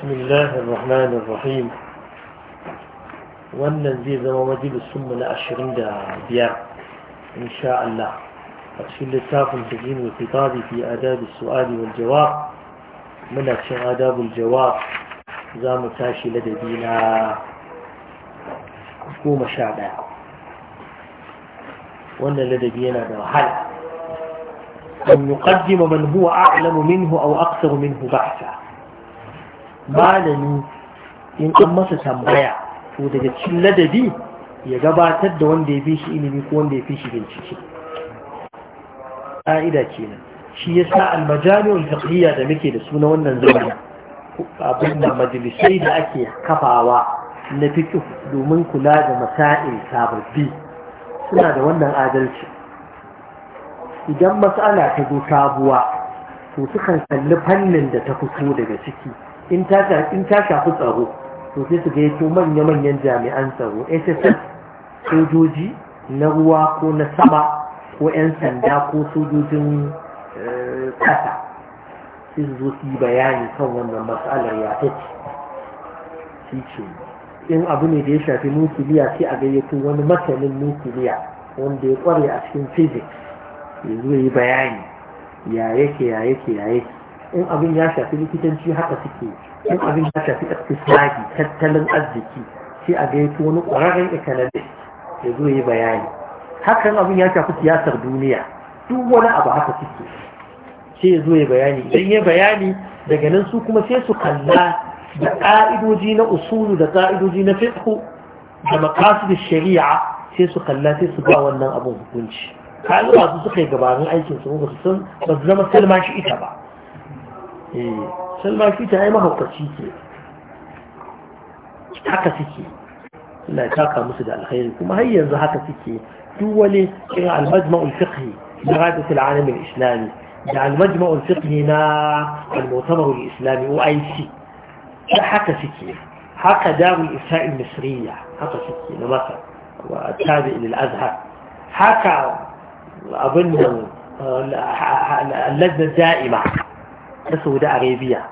بسم الله الرحمن الرحيم وانا زي زي ما ودي بسم لأشرين بيا إن شاء الله أتفي اللتاف المتجين والقطاضي في آداب السؤال والجواب من أتفي آداب الجواب زام تاشي لدي دينا أكو مشابع وانا لدي دينا بوحل أن يقدم من هو أعلم منه أو أكثر منه بحثا malami in an masa tambaya to daga cikin ladabi ya gabatar da wanda ya fi shi ilimi ko wanda ya fi shi bincike ƙa'ida kenan shi ya sa almajami'ul fiqhiyya da muke da suna wannan zamani abin da majalisai da ake kafawa na fiqh domin kula da masail sababbi suna da wannan adalci idan mas'ala ta zo sabuwa to sukan kalli fannin da ta fito daga ciki in ta shafi tsaro to sai su gaito manya-manyan jami'an tsaro sss sojoji na ruwa ko na sama ko 'yan sanda ko sojojin eh, ƙasa sai su zo su yi bayani kan wannan matsalar ya take shi ce in abu ne da ya shafi nukiliya sai a gayyato wani matsalin nukiliya wanda ya kware a cikin physics ya zo yi bayani ya yake ya yake ya yake in abin ya shafi likitanci haka suke in abin ya shafi iktisadi tattalin arziki sai a gaito wani ƙwararren economist ya zo yi bayani hakan abin ya shafi siyasar duniya duk wani abu haka suke sai ya zo ya bayani idan ya bayani daga nan su kuma sai su kalla da ƙa'idoji na usulu da ƙa'idoji na fiqh da maqasid shari'a sai su kalla sai su ba wannan abin hukunci kaga ba su suka yi gabanin aikin su ba su san ba su zama salma shi ita ba سلمان كيتا ما هو تشيكي حكا سيكي لا تاكا مسجد على الخير كما هي ينزل حكا سيكي تولي إغا المجمع الفقهي لغاية العالم الإسلامي دع المجمع الفقهي نا المؤتمر الإسلامي وأي شيء حكا سيكي حكا داوي الإساء المصرية حكا سيكي مثلا والتابع للأزهر حكا أظن اللجنة الدائمة ta saudi arabia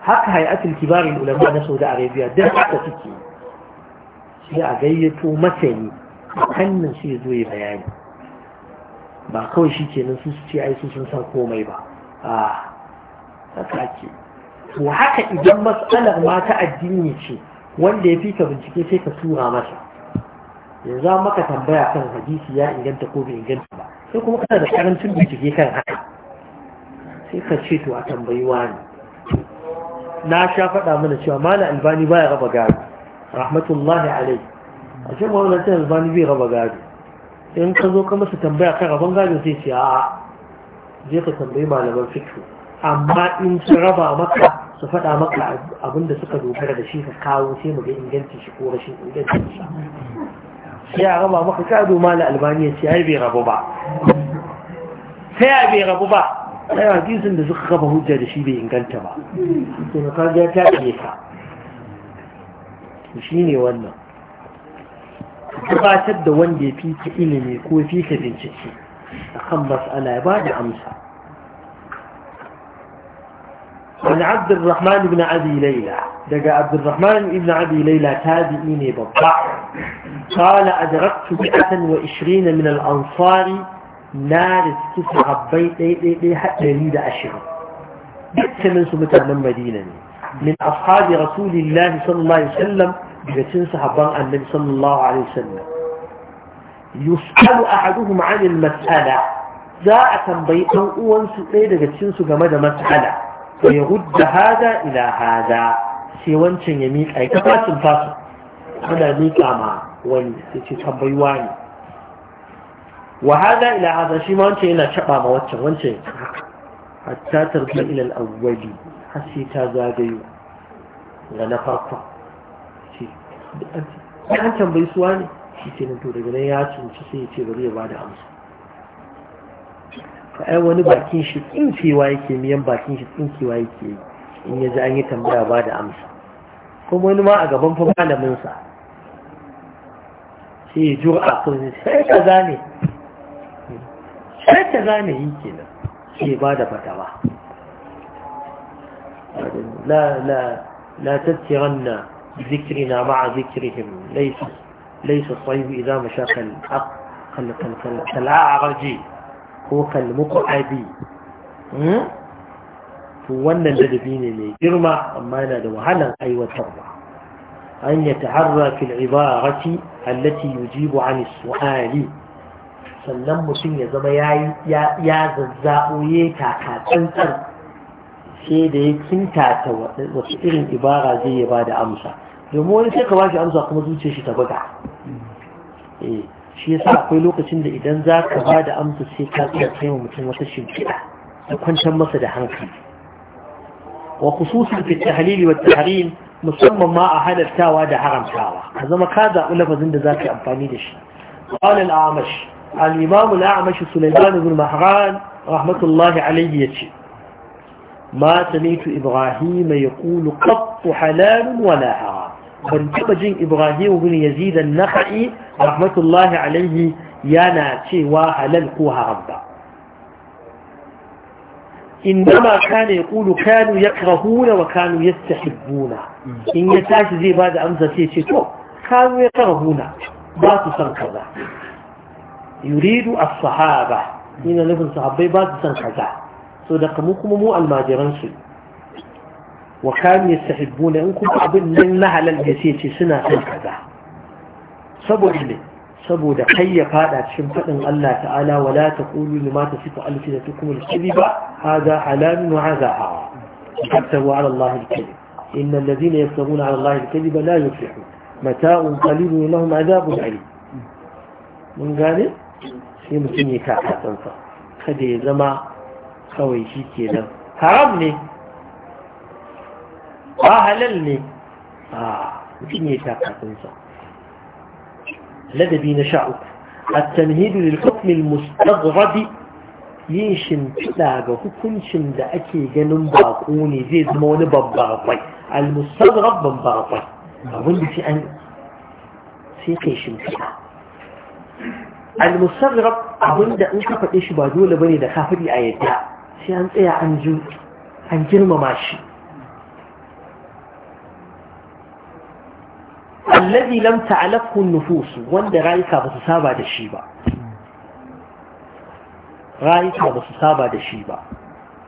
haka hayatul kibarin ulama na saudi arabia don haka suke sai a gayyato masani hannun shi zo ya bayani ba kawai shi nan su su ce ai su sun san komai ba a haka to haka idan matsalar ma ta addini ce wanda ya fi ka bincike sai ka tura masa yanzu maka tambaya kan hadisi ya inganta ko bai inganta ba sai kuma kana da karancin bincike kan haka sai ka ce to a tambayi wani na sha faɗa mana cewa mala albani baya raba gado rahmatullahi alai a cikin wannan sai albani bai raba gado in ka zo ka masa tambaya kan rabon gado zai ce a je ka tambayi malaman fiqh amma in su raba maka su faɗa maka abinda suka dogara da shi ka kawo sai mu ga inganci shi ko rashin inganci shi sai a raba maka gado mala albani ya ce ai bai rabu ba sai a bai rabu ba ɗaya hadisin da suka kafa hujja da shi bai inganta ba to na kaji ya ta ɗaya ka shi ne wannan gabatar da wanda ya fita ilimi ko ya fita bincike a kan mas'ala ya ba amsa Wani abdurrahman ibn abi laila daga abdurrahman ibn abi laila tabi'i ne babba قال أدركت بئة وعشرين من الأنصار na riski sahabbai ɗaiɗaiɗai haɗari da ashirin dukkanin su mutanen madina ne min ashabi rasulillahi sallallahu alaihi wasallam daga cin sahabban annabi sallallahu alaihi wasallam yus'alu ahaduhum 'an al-mas'ala za a tambayi ɗan uwansu ɗaya daga cin su game da mas'ala wa yahudda hada ila hada sai wancan ya miƙa ya kafacin fasu ana miƙa ma wani sai ce tambayuwa ne wa hada ila hada shi ma wancan yana caba ma wancan wancan hatta tarbi ila al-awwali har sai ta zagayo ga na farko shi an tambayi suwa ne shi ce nan to daga nan ya cinci sai ya ce bari ya bada amsa ka ai wani bakin shi tsinkewa yake miyan bakin shi tsinkewa yake yi in ya ji an yi tambaya ba da amsa kuma wani ma a gaban fa malaminsa sai ya jura a kawai sai ka zane sai ta gane yi kenan ke ba da fatawa la la la tatsiranna ذكرنا مع ذكرهم ليس ليس الصيب إذا مشى كالأعرج هو كالمقعد wannan ladabi ne mai girma amma yana da wahalar aiwatarwa an ya taharra fil ibarati allati yujibu an su'ali sannan mutum ya zama ya zazzaɓo ya taka tsantsan sai da ya kinta ta wasu irin ibara zai ya da amsa domin wani sai ka ba shi amsa kuma zuce shi ta buga eh, shi yasa akwai lokacin da idan za ka ba da amsa sai ka tsaya kai wa mutum wata shimfiɗa da kwantar masa da hankali wa khususan fi tahlili wa tarihin, musamman ma a halartawa da haramtawa ka zama ka zaɓi lafazin da za ka yi amfani da shi قال الأعمش الإمام الأعمش سليمان بن مهران رحمة الله عليه يتشي ما سميت إبراهيم يقول قط حلال ولا حرام بل تبجن إبراهيم بن يزيد النخعي رحمة الله عليه يانا تشي وحلال قوها ربا إنما كان يقول كانوا يكرهون وكانوا يستحبون إن يتاشي زي بعد أمزة تشي كانوا يكرهون باتوا سنكذا يريد الصحابة هنا نفن صحابي بعد سن كذا صدق مكم الماجران سي وكان يستحبون انكم ابن من نهل الجسيتي سنة سن كذا سبب لي سبب كي فادا شمفة الله تعالى ولا تقولوا لما تصف ألسنتكم الكذب هذا حلال وهذا حرام تكتبوا على الله الكذب إن الذين يفترون على الله الكذب لا يفلحون متاع قليل لهم عذاب عليم من قال sai mutum ya kakasansa kada ya zama kawai shi ke nan haram ne ba halal ne a mutum ya kakasansa ladabi na sha uku a التمهيد للحكم المستغرب yin shimfiɗa ga hukuncin da ake ganin baƙo ne zai zama wani babbar kwai al-mustaghrab babbar kwai abin da sai kai shimfiɗa al musarraf abinda in ka faɗe shi ba dole bane da kafiri a yadda sai an tsaya an ji an girmama shi allazi lam ta'alafhu an-nufus wanda rayuka ba su saba da shi ba rayuka ba su saba da shi ba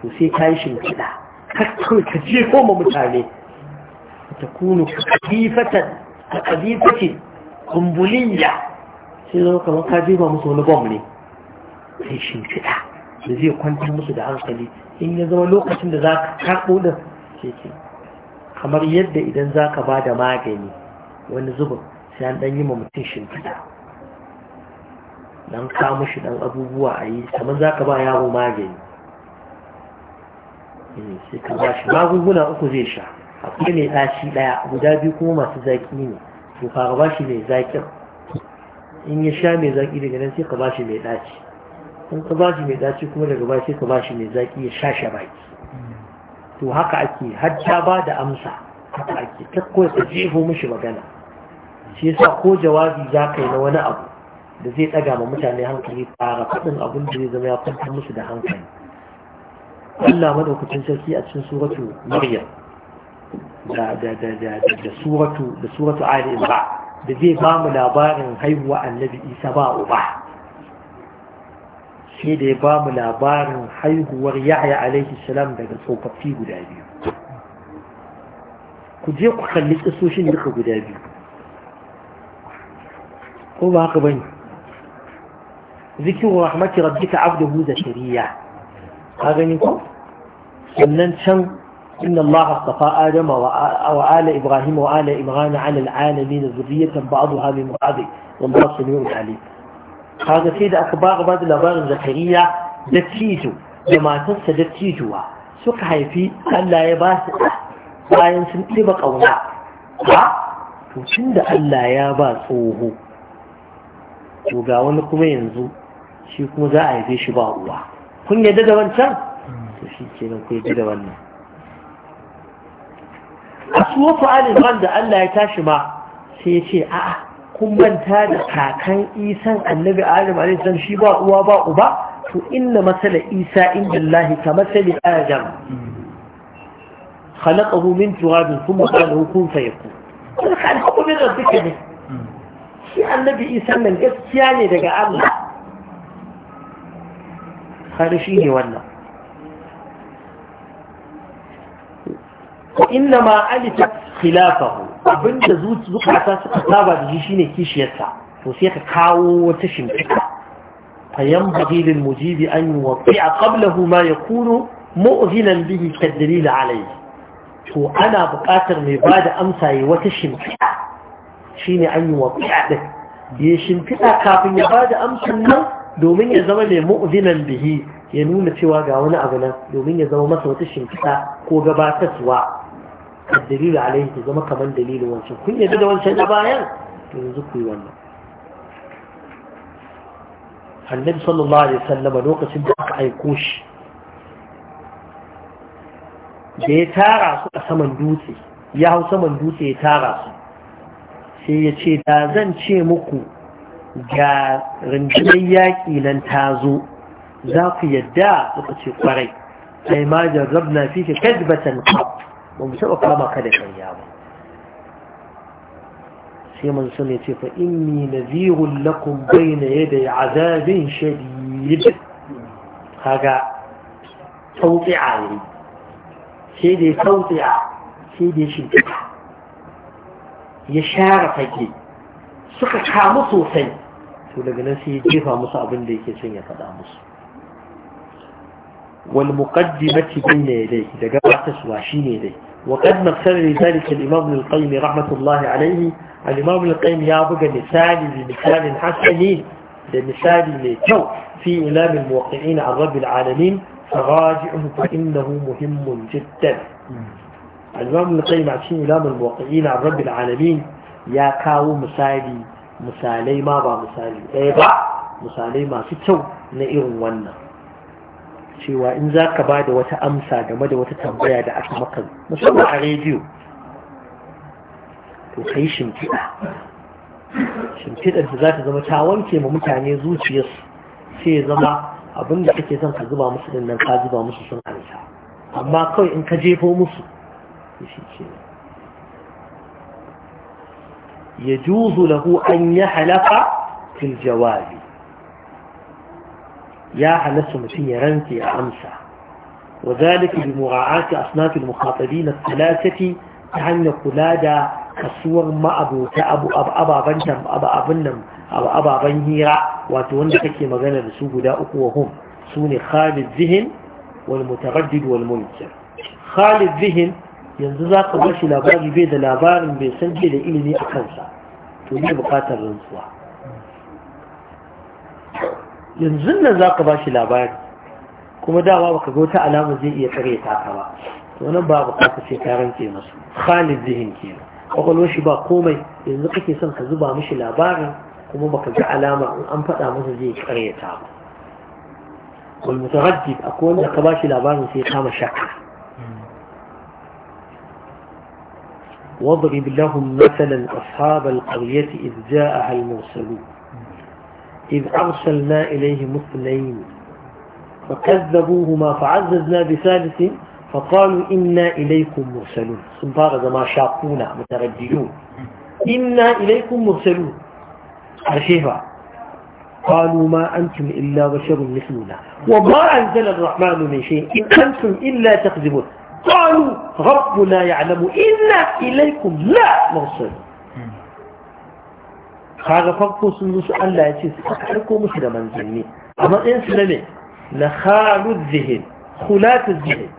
to sai ka yi shimfiɗa kakkar ka je koma mutane ta kunu kadifatan a kumbuliya sai zama kamar ka jefa musu wani bom ne sai shimfiɗa da zai kwantar musu da hankali in ya zama lokacin da za ka karɓo da ke kamar yadda idan za ka ba da magani wani zubin sai an ɗan yi ma mutum shimfiɗa don kama shi ɗan abubuwa a yi kamar za ka ba yaro magani hmm, sai ka ba shi magunguna uku zai sha akwai mai ɗaci ɗaya guda biyu kuma masu zaƙi ne to fara ba shi mai zaƙin in ya sha mai zaki daga nan sai ka bashi mai daci in ka bashi mai daci kuma daga baya sai ka bashi mai zaki ya sha sha baki to haka ake hajja ba da amsa haka ake ta kawai ka jefo mishi magana shi yasa ko jawabi za ka yi na wani abu da zai ɗaga ma mutane hankali fara faɗin abin da zai zama ya kwantar musu da hankali Allah madaukakin sarki a cikin suratu Maryam da da da da da suratu da da zai ba mu labarin haihuwa annabi isa ba uba sai da ya ba mu labarin haihuwar yahya alaihi salam daga tsofaffi guda biyu ku je ku kalli kisoshin duka guda biyu ko ba haka bane zikiru rahmati rabbika abduhu zakariya ka gani ko sannan can إن الله اصطفى آدم وآل إبراهيم وآل إمران على العالمين ذرية بعضها من بعض والله سميع عليم هذا سيد أخبار بعد الأبار زكريا دتيجو لما تنسى دتيجوا سوك هايفي ألا يباس لا ينسى لبق أو لا تشند ألا يباس أوه وقاون لكم ينزو شيكم زائفي شباء الله كن يدد وانسان تشيكي لكم يدد وانسان a suwatu aliman da Allah ya tashi ma sai ya ce a'a kun manta da kakan isan annabi adam alaihissalam shi ba uwa ba uba to inna masala isa inda Allah ka masali adam khalaqahu min turabin kuma qala lahu kun fayakun sai ka alhukumin rabbika ne shi annabi isa nan gaskiya ne daga Allah har shi ne wannan wa inna ma alita khilafahu abinda zukata suka saba da shine kishiyarsa to sai ka kawo wata shimfiɗa فينبغي للمجيب أن يوقع قبله ما يكون مؤذنا به كالدليل عليه to ana buƙatar mai ba da wata shimfiɗa shi ne an yi wa kafin ya bada da amsan nan domin ya zama mai mu'zinan bihi ya nuna cewa ga wani abu nan domin ya zama masa wata shimfiɗa ko gabatarwa الدليل عليه تزم كمان دليل وانشان كن يدد وانشان أبايا ينزق يوانا النبي صلى الله عليه وسلم نوقع سندق أيكوش ya tara su a saman dutse ya hau saman dutse ya tara su sai ya ce da zan ce muku ga rundunar yaƙi nan ta zo za ku yadda suka ce kwarai sai ma jarrabna fi ke kadbatan kaf ba mu taɓa kama ka da karya ba sai mun sun ya ce fa inni nazirun lakum bayna yaday azabin shadid kaga tautsi'a ne sai dai a sai dai shimfiɗa ya share fage suka kamu sosai to daga nan sai ya jefa musu abin da yake son ya faɗa musu والمقدمة بين يديه إذا قبع تسوى يديه وقد مثل لذلك الإمام القيم رحمة الله عليه الإمام القيم يابقى نسال بمثال حسنين لمثال ليتو في إلام الموقعين عن رب العالمين فراجعه فإنه مهم جدا الإمام القيم عشان إلام الموقعين عن رب العالمين يا كاو مسالي مسالي ما با مسالي أي مسالي ما ستو نئر ونه cewa in za ka ba da wata amsa game da wata tambaya da aka maka musamman a rediyo to ka yi shimfiɗa shimfiɗar da za ta zama ta wanke ma mutane zuciyarsu sai ya zama abin da kake son ka zuba musu din nan ka zuba musu sun amsa amma kawai in ka jefo musu shi ce lahu an yi يحلف Kin jawabi. ya halatta mutum ya rantse a amsa wa zalika bi mura'ati asnafil mukhatabin al ta hanyar kula da kasuwar ma'abota abu ababan nan ababan hira wato wanda kake magana da su guda uku wa hum sune Khalid Zihin wal Mutaraddid wal Munkir Khalid Zihin yanzu za ka bashi labari bai da labarin bai san da ilimi a kansa to ne bukatar rantsuwa yanzu nan za ka ba shi labari kuma dama baka ga wata alama zai iya tsare ta ka ba to nan ba bukata sai ka rantse masu khalid zihin kenan kwakwalwar shi ba komai yanzu kake son ka zuba mishi labarin kuma baka ga alama in an faɗa masa zai tsare ta ba wal a akwai wanda ka ba shi labarin sai kama shaka واضرب لهم مثلا أصحاب القرية إذ جاءها المرسلون إذ أرسلنا إليهم اثنين فكذبوهما فعززنا بثالث فقالوا إنا إليكم مرسلون سنفار ما شاقونا مترددون إنا إليكم مرسلون أرشيفا قالوا ما أنتم إلا بشر مثلنا وما أنزل الرحمن من شيء إن أنتم إلا تكذبون قالوا ربنا يعلم إنا إليكم لا مرسلون kaga farko sun zo su Allah ya ce su karko musu da manzanni a matsayin su ne na khalud zihin khulatul zihin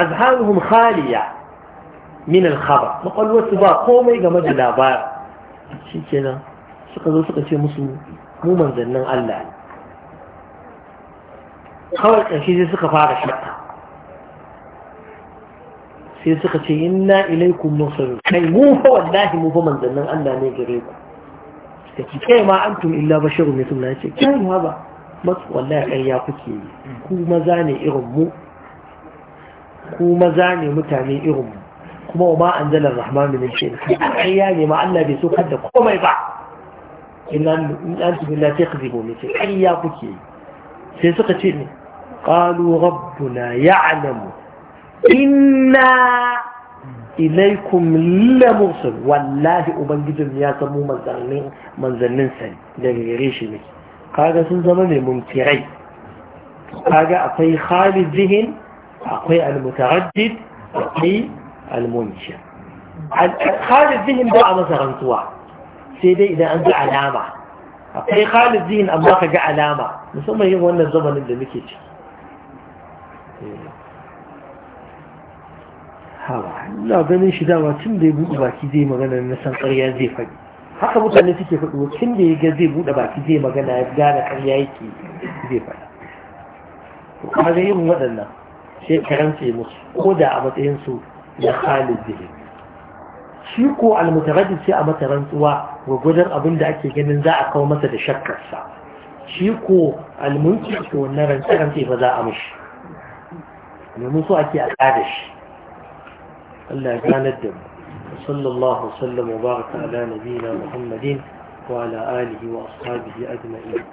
azharuhum khaliya min al-khabar ba komai game da labari shikenan suka zo suka ce musu mu manzannin Allah ne kawai ƙarshe sai suka fara shakka sai suka ce inna ilaikum mursalun kai mu fa wallahi mu fa manzannin Allah ne gare ku take kai ma antum illa basharun mithluna yace kai ma ba mas wallahi kai ya kuke ku maza ne irin mu ku maza ne mutane irin mu kuma ma anzala rahman min shay'in kai ya ne ma Allah bai so kada komai ba illa antum illa takdhibun yace kai ya kuke sai suka ce ne qalu rabbuna ya'lamu inna ilaikum la lamursul wallahi ubangijin ya samu manzannin manzannin sa da gare shi ne kaga sun zama ne mumtirai kaga akwai khalid zihin akwai al almutaraddid akwai al almunshir khalid zihin ba a masa rantsuwa sai dai idan an ji alama akwai khalid zihin amma ka ga alama musamman yin wannan zamanin da muke ciki ina ganin shi dama tun da ya buɗe baki zai magana na san ƙarya zai faɗi haka mutane suke faɗi tun da ya ga zai buɗe baki zai magana ya gane ƙarya yake zai faɗi to kaga yin waɗannan sai karance musu ko da a matsayin su na halin zihin shi ko almutaraddid sai a mata rantsuwa gwagwadon abin da ake ganin za a kawo masa da shakkarsa shi ko almunki to wannan rantsa rantsa ba za a mishi domin su ake a ƙada shi ألا كان الدم صلى الله وسلم وبارك على نبينا محمد وعلى آله وأصحابه أجمعين